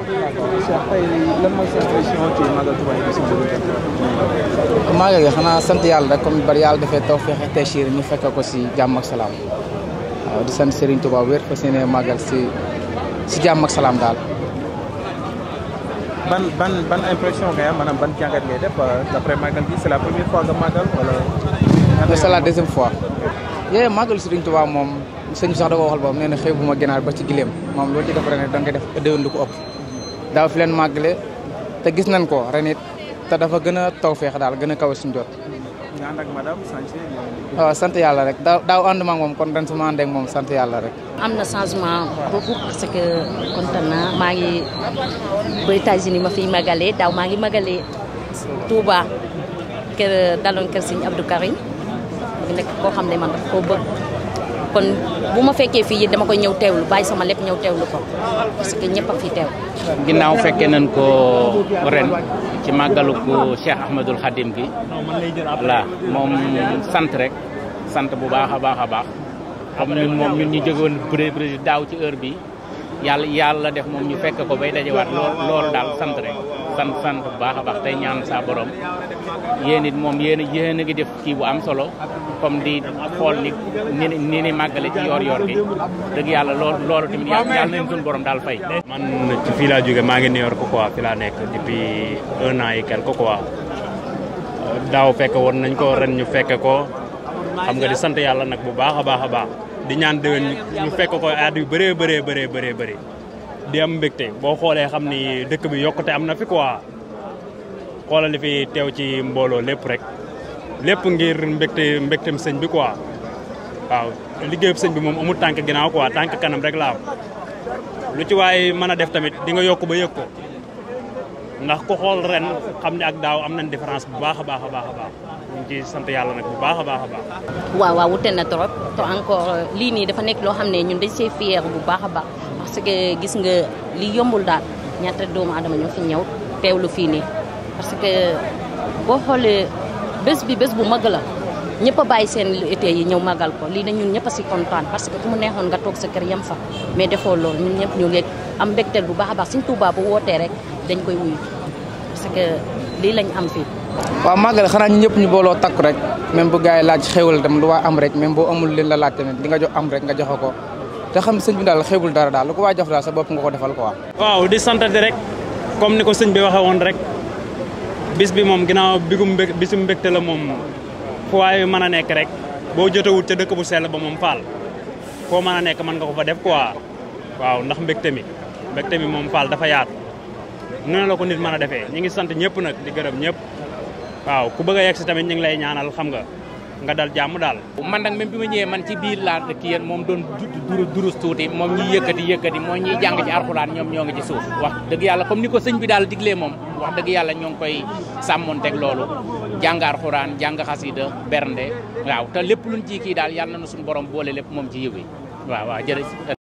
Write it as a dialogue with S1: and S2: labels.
S1: femmes. maa ngi sant yàlla rek comme bari yàlla dafay taw te teechir ñu fekk ko si jàmm ak salaam waaw di sant Serigne Touba wér fa seen màggal si si jàmm ak salaam daal. ban ban ban impression e e, ngay am maanaam ban jàngat ngay def après màggal gi c'est la première fois nga màggal wala. c'est la moom sëñ bi sax da ko waxal boobu nee na xew bu ma ginaar ba ci gileem moom loolu ci def ren da nga e def déwén lu ko ëpp. daaw fi leen màggale te gis nañ ko ren te dafa gën a feex daal gën a kaw suñu jot. nga sant yàlla rek daaw daaw ànd ma ak moom kon ren su ma moom sant yàlla rek.
S2: am na changement beaucoup parce que kontaan maa ngi ba États-Unis ma fiy magalee daaw maa ngi magalee Touba kër daloon kër Serigne Abdou Karim nekk koo xam ne man daf koo bëgg. kon bu ma fekkee fii dama koy ñëw teew lu bàyyi sama lépp ñëw teewlu ko parce que ñëpp a fi teew. ginnaaw fekkee nañ
S3: ko ren ci màggalu Cheikh Ahmadul Khadim gi voilà moom sant rek sant bu baax a baax a baax xam ñun moom ñun ñu jógoon bëre bëre daaw ci heure bi yàlla yàlla def moom ñu fekke ko bay dajewaat lool loolu daal sant rek sant sant bu baax baax tey ñaan saa borom yéen it moom yéen a yéen a ngi def kii bu am solo comme di xool ni ni ni ni màggale ci yor-yor dëgg yàlla lool loolu tamit yàlla nañ suñu borom daal fay.
S4: man ci fii laa jógee maa ngi New York quoi fi laa nekk depuis un an ko quelque daa daaw fekk woon nañ ko ren ñu fekk ko xam nga di sant yàlla nag bu baax a baax a baax. di ñaan déwén ñu fekk ko aat yu bëree bëree bëree bëree bëri di am mbégte boo xoolee xam ni dëkk bi yokkute am na fi quoi xoolal li fi teew ci mbooloo lépp rek lépp ngir mbégte mbégtem sëñ bi quoi waaw liggéeyub sëñ bi moom amul tànk ginnaaw quoi tànk kanam rek la am lu ci waay mën a def tamit di yokk ba yëg ko ndax ko xool ren xam ne ak daaw am nañ différence bu baax a baax a baax a baax ñu ngi yàlla nag bu baax a baax a baax.
S2: waaw waaw wute na trop te encore lii nii dafa nekk loo xam ne ñun dañ see fier bu baax a baax parce que gis nga li yombul daal ñaata doomu aadama ñoo fi ñëw lu fii nii parce que boo xoolee bés bi bés bu mag la. ñëpp a bàyyi été yi ñëw màggal ko lii na ñun a si kontaan parce que ku mu neexoon nga toog sa kër fa mais defoo loolu ñun ñëpp ñu ngi am mbégteel bu baax a baax suñ Tuubaa koy wuyu
S1: ñu booloo takku rek bu gars la laaj tamit li nga jox am rek nga joxe ko te xam sëñ bi daal xewul dara daal lu ko waa jox daal sa bopp nga ko defal quoi.
S4: waaw di sant rek comme ni ko sëñ bi waxee woon rek bis bi moom ginnaaw bisu mbégte la moom fu waaye mën a nekk rek boo jotewut ca dëkk bu sell ba moom faal foo mën a nekk mën nga ko fa def quoi waaw ndax mbégte mi mbégte mi moom faal dafa yaatu nu ne la ko nit mën a defee ñu ngi sant ñëpp nag di gërëm ñëpp waaw ku bëgg a yegg si tamit ñu ngi lay ñaanal xam nga nga dal jàmm daal. man nag même bi ma ñëwee man ci biir laa kii yéen moom doon duru durus tuuti moom ñuy yëkkati
S3: yëkkati mooy ñuy jàng ci arxulaan ñoom ñoo ngi ci suuf. wax dëgg yàlla comme ni ko sëñ bi daal diglee moom wax dëgg yàlla ñoo ngi koy sàmmonteeg loolu jàng arxulaan jàng xasida bernde waaw te lépp luñ ci daal yàlla na suñu borom boole lépp moom ci yëw